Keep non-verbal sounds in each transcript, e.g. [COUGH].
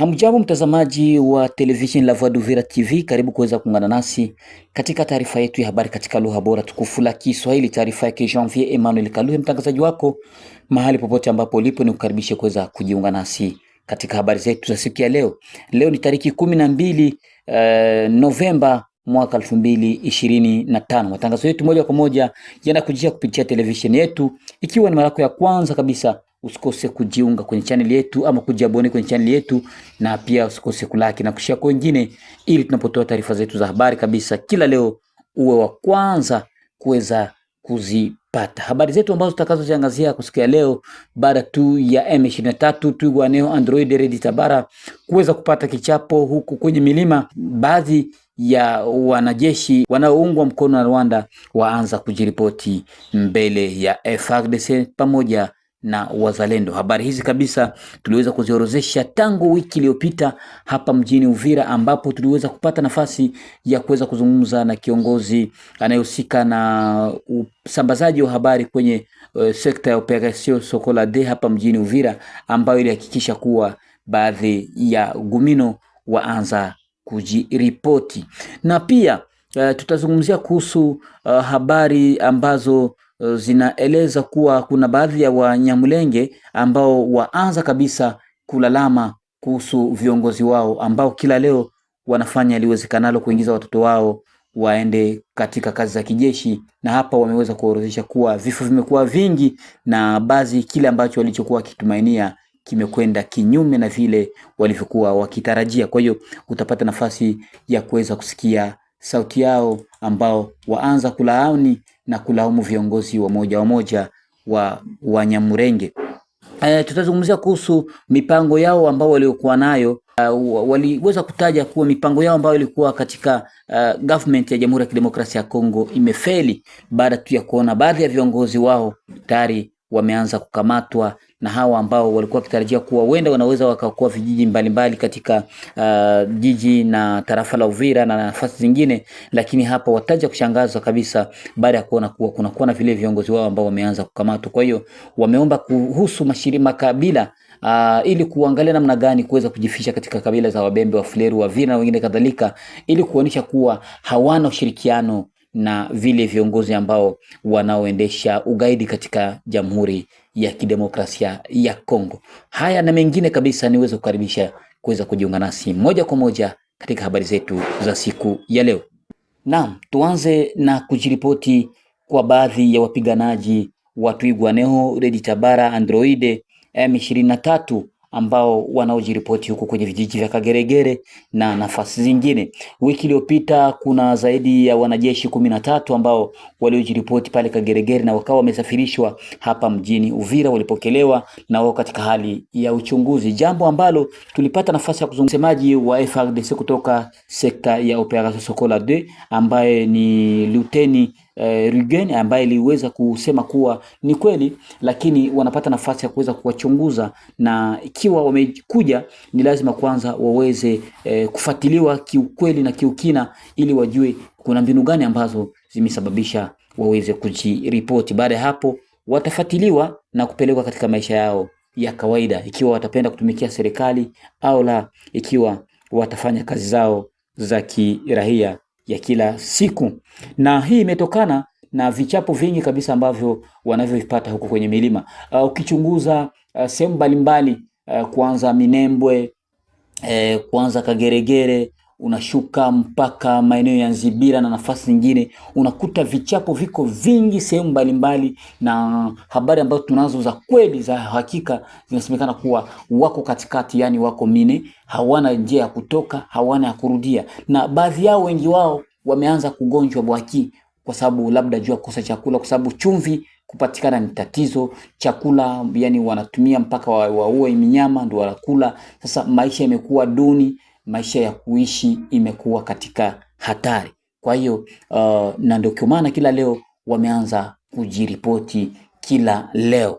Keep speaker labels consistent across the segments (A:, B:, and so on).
A: Hamjambo mtazamaji wa television La Voix d'Uvira TV, karibu kuweza kuungana nasi katika taarifa yetu ya habari katika lugha bora tukufu la Kiswahili. Taarifa yake Janvier Emmanuel Kaluhe, mtangazaji wako mahali popote ambapo ulipo, ni kukaribisha kuweza kujiunga nasi katika habari zetu za siku ya leo. Leo ni tariki kumi na mbili uh, Novemba mwaka elfu mbili ishirini na tano. Matangazo yetu moja kwa moja yanakujia kupitia televisheni yetu. Ikiwa ni mara yako ya kwanza kabisa usikose kujiunga kwenye channel yetu ama kujiabone kwenye channel yetu, na pia usikose kulaki na kushia kwa wengine, ili tunapotoa taarifa zetu za habari kabisa kila leo uwe wa kwanza kuweza kuzipata habari zetu ambazo tutakazoziangazia kwa siku ya leo, baada tu ya M23 twigwaneo Android Red Tabara kuweza kupata kichapo huku kwenye milima, baadhi ya wanajeshi wanaoungwa mkono na Rwanda waanza kujiripoti mbele ya FARDC pamoja na wazalendo. Habari hizi kabisa tuliweza kuziorozesha tangu wiki iliyopita hapa mjini Uvira, ambapo tuliweza kupata nafasi ya kuweza kuzungumza na kiongozi anayehusika na usambazaji wa habari kwenye uh, sekta ya Operation Sokola D hapa mjini Uvira, ambayo ilihakikisha kuwa baadhi ya gumino waanza kujiripoti na pia uh, tutazungumzia kuhusu uh, habari ambazo Eh, zinaeleza kuwa kuna baadhi ya Wanyamulenge ambao waanza kabisa kulalama kuhusu viongozi wao ambao kila leo wanafanya liwezekanalo kuingiza watoto wao waende katika kazi za kijeshi, na hapa wameweza kuorodhesha kuwa vifo vimekuwa vingi na baadhi, kile ambacho walichokuwa wakitumainia kimekwenda kinyume na vile walivyokuwa wakitarajia. Kwa hiyo utapata nafasi ya kuweza kusikia sauti yao ambao waanza kulaani na kulaumu viongozi wa moja wa moja wa Wanyamurenge. E, eh, tutazungumzia kuhusu mipango yao ambao waliokuwa nayo. Uh, waliweza kutaja kuwa mipango yao ambayo ilikuwa katika uh, government ya Jamhuri ya Kidemokrasia ya Kongo imefeli baada tu ya kuona baadhi ya viongozi wao tayari wameanza kukamatwa na hawa ambao walikuwa wakitarajia kuwa wenda wanaweza wakakuwa vijiji mbalimbali katika uh, jiji na tarafa la Uvira na nafasi zingine, lakini hapa wataja kushangazwa kabisa baada ya kuona kuwa kuwa na vile viongozi wao ambao wameanza kukamatwa. Kwa hiyo wameomba kuhusu mashirika makabila Uh, ili kuangalia namna gani kuweza kujificha katika kabila za Wabembe, Wafuleru, Wavira na wengine kadhalika, ili kuonyesha kuwa hawana ushirikiano na vile viongozi ambao wanaoendesha ugaidi katika Jamhuri ya kidemokrasia ya Kongo. Haya na mengine kabisa, niweze kukaribisha kuweza kujiunga nasi moja kwa moja katika habari zetu za siku ya leo. Naam, tuanze na kujiripoti kwa baadhi ya wapiganaji wa Twirwaneho, Red Tabara, Android M23 ambao wanaojiripoti huko kwenye vijiji vya Kageregere na nafasi zingine. Wiki iliyopita kuna zaidi ya wanajeshi kumi na tatu ambao waliojiripoti pale Kageregere na wakawa wamesafirishwa hapa mjini Uvira, walipokelewa na wao katika hali ya uchunguzi, jambo ambalo tulipata nafasi ya kuzungumza msemaji wa frdc kutoka sekta ya Operation Sokola 2 ambaye ni luteni eh, Rigeni ambaye aliweza kusema kuwa ni kweli, lakini wanapata nafasi ya kuweza kuwachunguza na ikiwa wamekuja ni lazima kwanza waweze eh, kufuatiliwa kiukweli na kiukina, ili wajue kuna mbinu gani ambazo zimesababisha waweze kujiripoti. Baada ya hapo watafuatiliwa na kupelekwa katika maisha yao ya kawaida, ikiwa watapenda kutumikia serikali au la, ikiwa watafanya kazi zao za kirahia ya kila siku, na hii imetokana na vichapo vingi kabisa ambavyo wanavyovipata huko kwenye milima. Uh, ukichunguza uh, sehemu mbalimbali uh, ah, kwanza Minembwe eh, kwanza Kageregere unashuka mpaka maeneo ya Nzibira na nafasi nyingine, unakuta vichapo viko vingi sehemu mbalimbali, na habari ambazo tunazo za kweli za hakika zinasemekana kuwa wako katikati, yani wako mine, hawana njia ya kutoka, hawana ya kurudia, na baadhi yao, wengi wao wameanza kugonjwa bwaki kwa sababu labda jua kosa chakula, kwa sababu chumvi kupatikana ni tatizo. Chakula yani wanatumia mpaka waue wa minyama ndio wanakula. Sasa maisha yamekuwa duni maisha ya kuishi imekuwa katika hatari. Kwa hiyo uh, na ndio kwa maana kila leo wameanza kujiripoti kila leo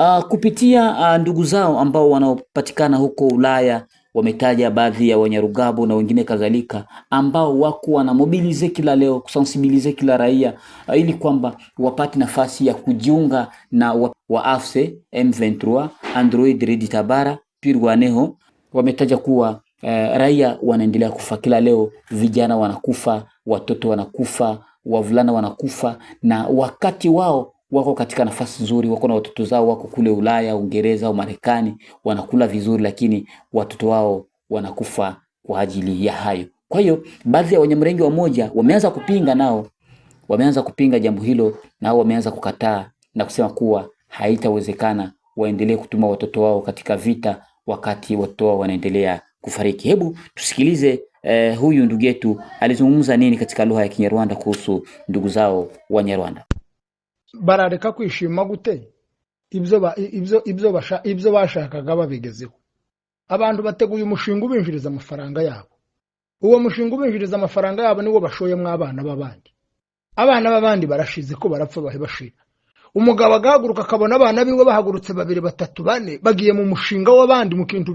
A: uh, kupitia uh, ndugu zao ambao wanaopatikana huko Ulaya wametaja baadhi ya Wanyarugabo na wengine kadhalika ambao wako wanamobilize kila leo kusensibilize kila raia uh, ili kwamba wapate nafasi ya kujiunga na wa, waafse M23 Android Red Tabara Pirwaneho wametaja kuwa eh, raia wanaendelea kufa kila leo, vijana wanakufa, watoto wanakufa, wavulana wanakufa, na wakati wao wako katika nafasi nzuri, wako na watoto zao wako kule Ulaya, Uingereza au Marekani, wanakula vizuri, lakini watoto wao wanakufa kwa ajili ya hayo. Kwa hiyo baadhi ya wa wamoja wameanza kupinga, nao wameanza kupinga jambo hilo, nao wameanza kukataa na kusema kuwa haitawezekana waendelee kutuma watoto wao katika vita wakati watoto wao wanaendelea kufariki. Hebu tusikilize eh, huyu ndugu yetu alizungumza nini katika lugha ya Kinyarwanda kuhusu ndugu zao Wanyarwanda.
B: barareka kwishima gute ibyo bashakaga babigezeho abantu bateguye umushinga ubinjiriza amafaranga yabo uwo mushinga ubinjiriza amafaranga yabo niwo bashoyemo abana b'abandi abana b'abandi barashize ko barapfa bahe bashira umugabo agahaguruka akabona abana biwe bahagurutse babiri batatu bane bagiye mu mushinga w'abandi mu kintu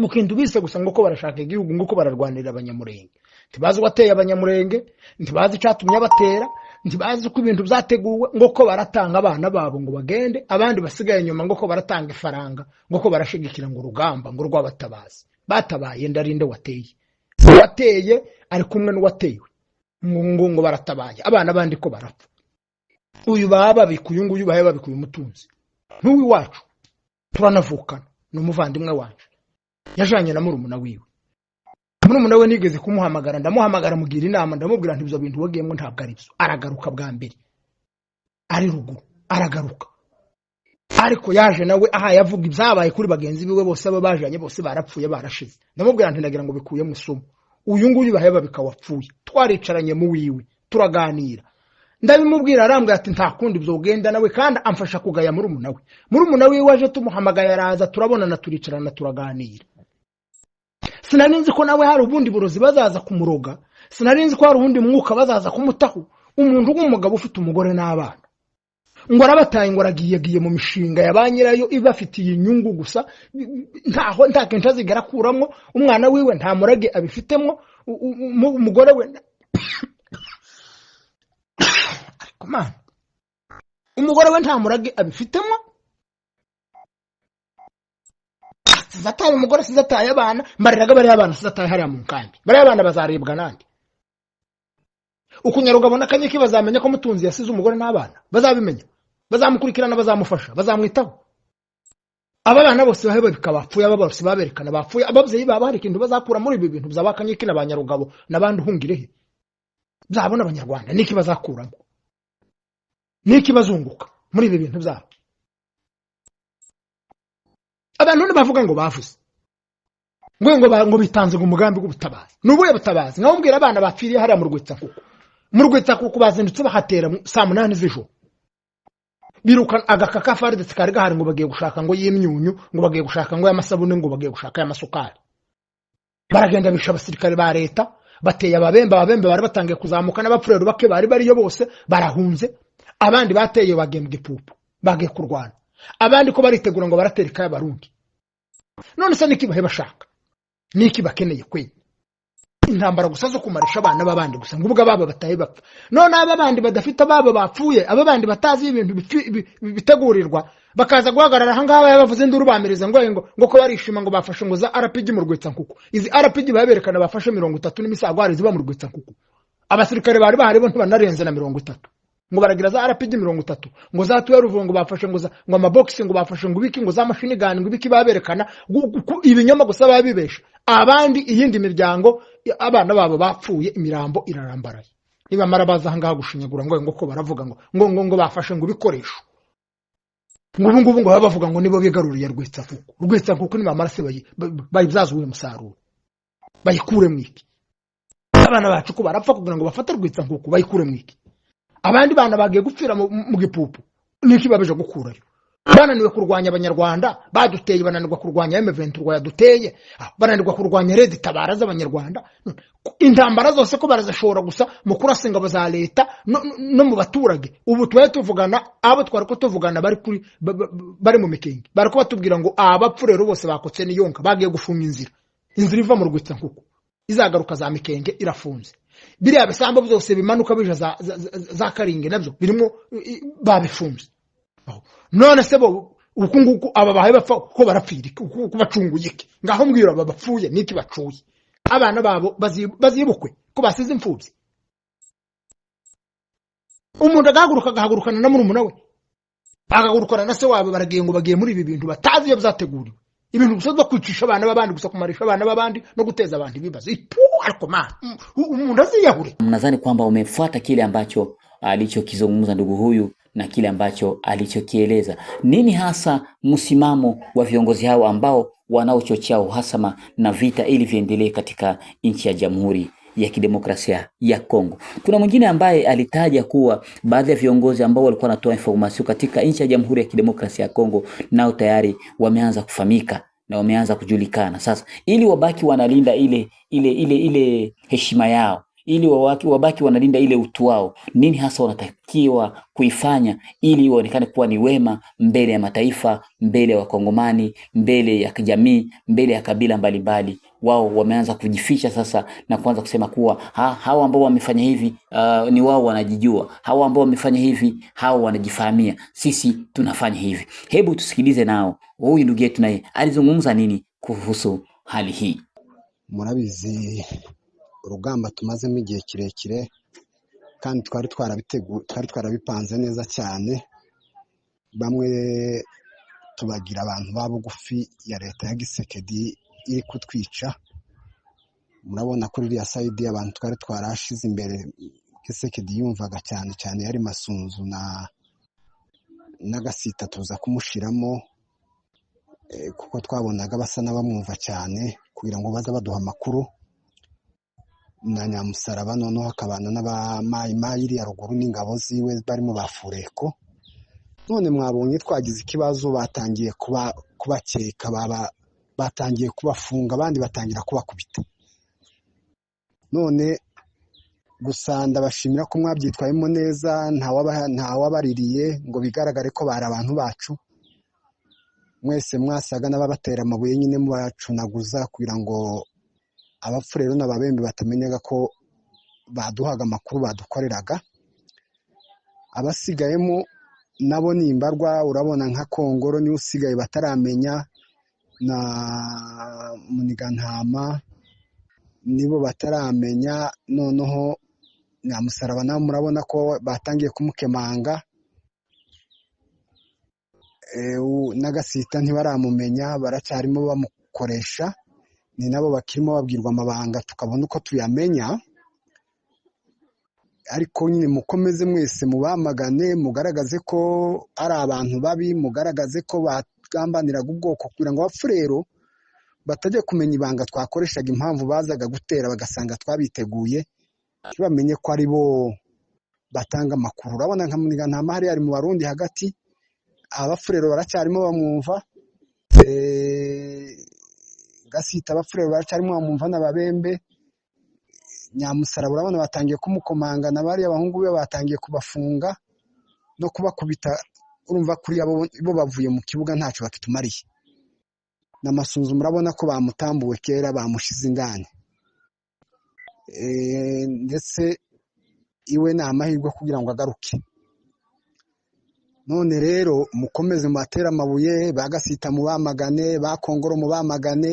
B: mukintu bise gusa ngo ko barashaka igihugu ngo ko bararwanira abanyamurenge ntibazi uwateye abanyamurenge ntibazi icyatumye abatera ntibazi uko ibintu byateguwe ngo ko baratanga abana babo ngo bagende abandi basigaye inyuma ngo ko baratanga ifaranga ngo ko barashyigikira ngo urugamba ngo rw'abatabazi batabaye ndarinde wateye uwateye ari kumwe n'uwatewe ngo ngo baratabaye abana bandi ko barapfa uyu baba babikuye uyu nguyu baba babikuye umutunzi n'uw'iwacu turanavukana ni umuvandimwe wacu yajanye na murumuna wiwe murumuna we nigeze kumuhamagara ndamuhamagara mugira inama ndamubwira nti ibyo bintu wagiyemo ntabwo ari byo aragaruka bwa mbere ari ruguru aragaruka ariko yaje nawe aha yavuga ibyabaye kuri bagenzi biwe bose aba bajanye bose barapfuye barashize ndamubwira nti ngo bikuye musomo uyu nguyu baheba bikawapfuye twaricaranye mu wiwe turaganira ndabimubwira arambwira ati nta kundi ibyo nawe kandi amfasha kugaya murumuna we murumuna wiwe aje tumuhamagaye araza turabonana turicarana turaganira sinari nzi ko nawe hari ubundi burozi bazaza kumuroga sinari nzi ko hari ubundi mwuka bazaza kumutaho umuntu nk’umugabo ufite umugore n'abana ngo arabataye ngo aragiyegiye mu mishinga ya ba nyirayo ibafitiye inyungu gusa ntaho nta kenshi azigara akuramo umwana wiwe nta murage abifitemo umugore we [COUGHS] umugore we nta murage abifitemo sizataye umugore sizataye abana mbariraga bariya bana sizataye hariya mu nkambi bariya bana bazaribwa nande ukunyaruga abona akanyeke bazamenya ko mutunzi yasize umugore n'abana bazabimenya bazamukurikirana bazamufasha bazamwitaho aba bana bose baheba bikabapfuye aba bose baberekana bapfuye ababyeyi baba hari ikintu bazakura muri ibi bintu byaba akanyeke na ba nyarugabo n'abandi uhungirehe byabona abanyarwanda niki bazakuramo niki bazunguka muri ibi bintu byabo abantu none bavuga ngo bavuze ngo bitanze ngo umugambi w'ubutabazi ni ubuhe butabazi nka mbwira abana bapfiriye hariya mu kuko mu rwitsakuku bazindutse bahatera saa munani z'ijoro biruka agaka kafari ndetse kari gahari ngo bagiye gushaka ngo y'imyunyu ngo bagiye gushaka ngo y'amasabune ngo bagiye gushaka y'amasukari baragenda bisha abasirikare ba leta bateye ababembe ababembe bari batangiye kuzamuka n'abapfurero bake bari bariyo bose barahunze abandi bateye bagembwa ipupu bagiye kurwana abandi ko baritegura ngo baratera ikaya none se n'iki baheba bashaka n'iki bakeneye kwe intambara gusa zo kumarisha abana b'abandi gusa ngo ubwo ababa batahe bapfa none aba bandi badafite ababa bapfuye aba bandi batazi ibintu bitegurirwa bakaza guhagarara aha ngaha bavuze induru bamiriza ngo ngo ko barishima ngo bafashe ngo za rpg mu rwitsankuku izi rpg baberekana bafashe mirongo itatu n'imisagwari ziba mu rwitsankuku abasirikare bari bahari bo ntibanarenze na mirongo itatu ngo baragira za rpd mirongo itatu ngo za tuweruvu ngo bafashe ngo amabogisi ngo bafashe ngo ibiki ngo za mashini gani ngo ibiki baberekana ibinyoma gusa babibesha abandi iyindi miryango abana babo bapfuye imirambo irarambaraye nibamara baza ahangaha gushinyagura ngo ko baravuga ngo ngo ngo ngo bafashe ngo ibikoresho ngubu ngubu ngo baba bavuga ngo nibo bigaruriye rwitsakuku rwitsakuku nibamara se bayizaza uyu musaruro bayikuremo iki abana bacu ko barapfa kugira ngo bafate rwitsakuku bayikuremo iki abandi bana bagiye gupfira mu gipupu niki babeje gukurayo bananiwe kurwanya abanyarwanda baduteye bananirwa kurwanya emeventurwa yaduteye ah, bananirwa kurwanya rezi tabara z'abanyarwanda intambara zose ko barazishobora gusa mu kurasa ingabo za leta no mu baturage ubu tubaye tuvugana abo twari ko tuvugana bari mu mikingi bari ko batubwira ngo ah, abapfu rero bose bakotse niyonka bagiye gufunga inzira inzira iva mu rwitsa nkuko izagaruka za mikenge irafunze biriya bisambu byose bimanuka bija za karingi nabyo birimo babifunze none se bo uku nguku aba bahaye bapfa kuko barapfira kuko bacunguye iki ngaho mbwira aba bapfuye n'iki bacuye abana babo bazibukwe ko basize imfubyi umuntu agahaguruka agahagurukana na murumuna we agahagurukana na se wabo baragiye ngo bagiye muri ibi bintu batazi iyo byateguriwe ibintu gusa no kwicisha abana b'abandi gusa kumarisha abana b'abandi no guteza abantu ibibazo ipu alikomana mm. umuntu aziyahure.
A: Nadhani kwamba umefuata kile ambacho alichokizungumza ndugu huyu na kile ambacho alichokieleza. Nini hasa msimamo wa viongozi hao ambao wanaochochea uhasama na vita ili viendelee katika nchi ya Jamhuri ya Kidemokrasia ya Kongo. Kuna mwingine ambaye alitaja kuwa baadhi ya viongozi ambao walikuwa wanatoa informasio katika nchi ya Jamhuri ya Kidemokrasia ya Kongo nao tayari wameanza kufamika na wameanza kujulikana. Sasa ili wabaki wanalinda ile ile ile ile heshima yao, ili wabaki, wabaki wanalinda ile utu wao, nini hasa wanatakiwa kuifanya ili waonekane kuwa ni wema mbele ya mataifa, mbele ya Wakongomani, mbele ya kijamii, mbele ya kabila mbalimbali wao wameanza kujificha sasa na kuanza kusema kuwa ha, hawa ambao wamefanya hivi uh, ni wao wanajijua, hawa ambao wamefanya hivi hao wanajifahamia, sisi tunafanya hivi. Hebu tusikilize nao, huyu ndugu yetu naye alizungumza nini kuhusu hali hii.
C: Murabizi urugamba tumazemo igihe kirekire kandi twari twarabitegu twari twarabipanze neza cyane bamwe tubagira abantu ba bugufi ya leta ya gisekedi iri kutwica murabona ko ririya sayidi abantu twari twarashize imbere Kisekedi yumvaga cyane cyane yari masunzu na n'agasita tuza kumushiramo eh, kuko twabonaga basa n'abamwumva cyane kugira ngo baze baduha amakuru na nyamusaraba noneho hakabana n'abamayimayi iriya ruguru n'ingabo ziwe barimo ba fureko none mwabonye twagize ikibazo batangiye kubakeka baba batangiye kubafunga abandi batangira kubakubita none gusa ndabashimira ko mwabyitwayemo neza ntawabaririye ngo bigaragare ko bari abantu bacu mwese mwasaga n'ababatera amabuye nyine mubacunaguza kugira ngo abapfu n'ababembe batamenyaga ko baduhaga amakuru badukoreraga abasigayemo nabo ni imbarwa urabona nka kongoro niwe usigaye bataramenya na Munigantama nibo bataramenya noneho na musaraba nawe murabona ko batangiye kumukemanga n'agasita ntibaramumenya baracyarimo bamukoresha ni nabo bakirimo babwirwa amabanga tukabona uko tuyamenya ariko nyine mukomeze mwese mubamagane mugaragaze ko ari abantu babi mugaragaze ko twagambaniraga ubwoko kugira ngo abapfu rero batajya kumenya ibanga twakoreshaga impamvu bazaga gutera bagasanga twabiteguye ntibamenye ko ari bo batanga amakuru urabona nka Munyantama hariya ari mu Barundi hagati abafurero rero baracyarimo bamwumva eh, gasita abafurero rero baracyarimo bamwumva n'ababembe nyamusaraba urabona batangiye kumukomanga na bariya abahungu be batangiye kubafunga no kubakubita urumva kuriya bo bavuye mu kibuga ntacyo bakitumariye na Masunzu ko bamutambuwe kera bamushize ingane eh, ndetse iwe ni amahirwe kugira ngo agaruke none rero mukomeze mubatere amabuye bagasita mu bamagane bakongoro mu bamagane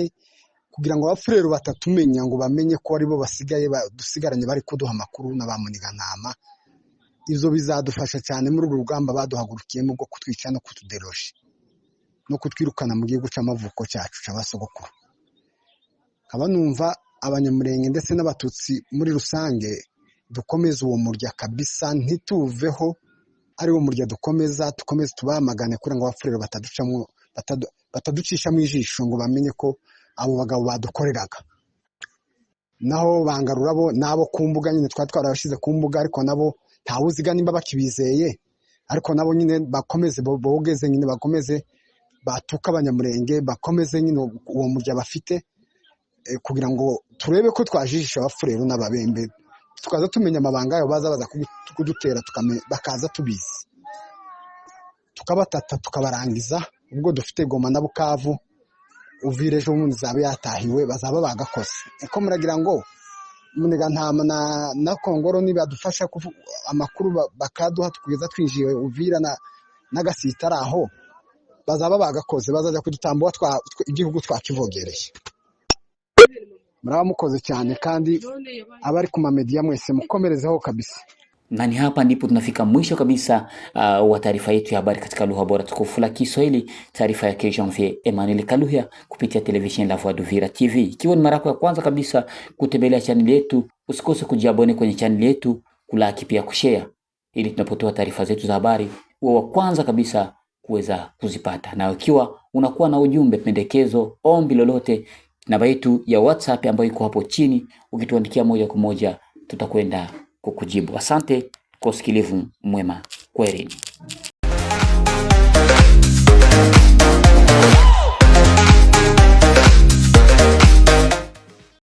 C: kugira ngo abapfurero batatumenya ngo bamenye ko aribo basigaye dusigaranye bari kuduha amakuru na ba Munigantama ibyo bizadufasha cyane muri urwo rugamba baduhagurukiyemo rwo kutwica no kutuderoje no kutwirukana mu gihugu cy'amavuko cyacu cy'abasogokuru nkaba numva abanyamurenge ndetse n'abatutsi muri rusange dukomeze uwo murya kabisa ntituveho ari wo murya dukomeza dukomeze tubamagane kugira ngo abapfurero bataducishamo ijisho ngo bamenye ko abo bagabo badukoreraga naho bangarura bangarurabo nabo ku mbuga nyine twari twarabashyize ku mbuga ariko nabo ntawe uziga nimba bakibizeye ariko nabo nyine bakomeze bogeze nyine bakomeze batuka abanyamurenge bakomeze nyine uwo murya bafite eh, kugira ngo turebe ko twajijisha abafurero n'ababembe tukaza tumenya amabanga yabo baza baza kudutera bakaza tubizi tukabatata tukabarangiza ubwo dufite goma na bukavu uvire ejo bundi zaba yatahiwe bazaba bagakoze niko muragira ngo Munegantama na kongoro nibadufasha amakuru bakaduha tukageza twinjiye Uvira na Gasitari aho bazaba bagakoze bazajya kudutambura igihugu twakivogereye muraba mukoze cyane kandi abari ku mamediya mwese mukomerezeho kabisa
A: na ni hapa ndipo tunafika mwisho kabisa uh, wa taarifa yetu ya habari katika lugha bora tukufu la Kiswahili, taarifa ya Janvier Emmanuel Kaluhya kupitia televisheni la Voix d'Uvira TV. Ikiwa ni mara yako ya kwanza kabisa kutembelea chaneli yetu, usikose kujiabone kwenye chaneli yetu, kulaki pia kushare, ili tunapotoa taarifa zetu za habari uwe wa kwanza kabisa kuweza kuzipata. Na ukiwa unakuwa na ujumbe, pendekezo, ombi lolote, namba yetu ya WhatsApp ambayo iko hapo chini, ukituandikia moja kwa moja tutakwenda kukujibu. Asante kwa usikilivu mwema, kwaherini.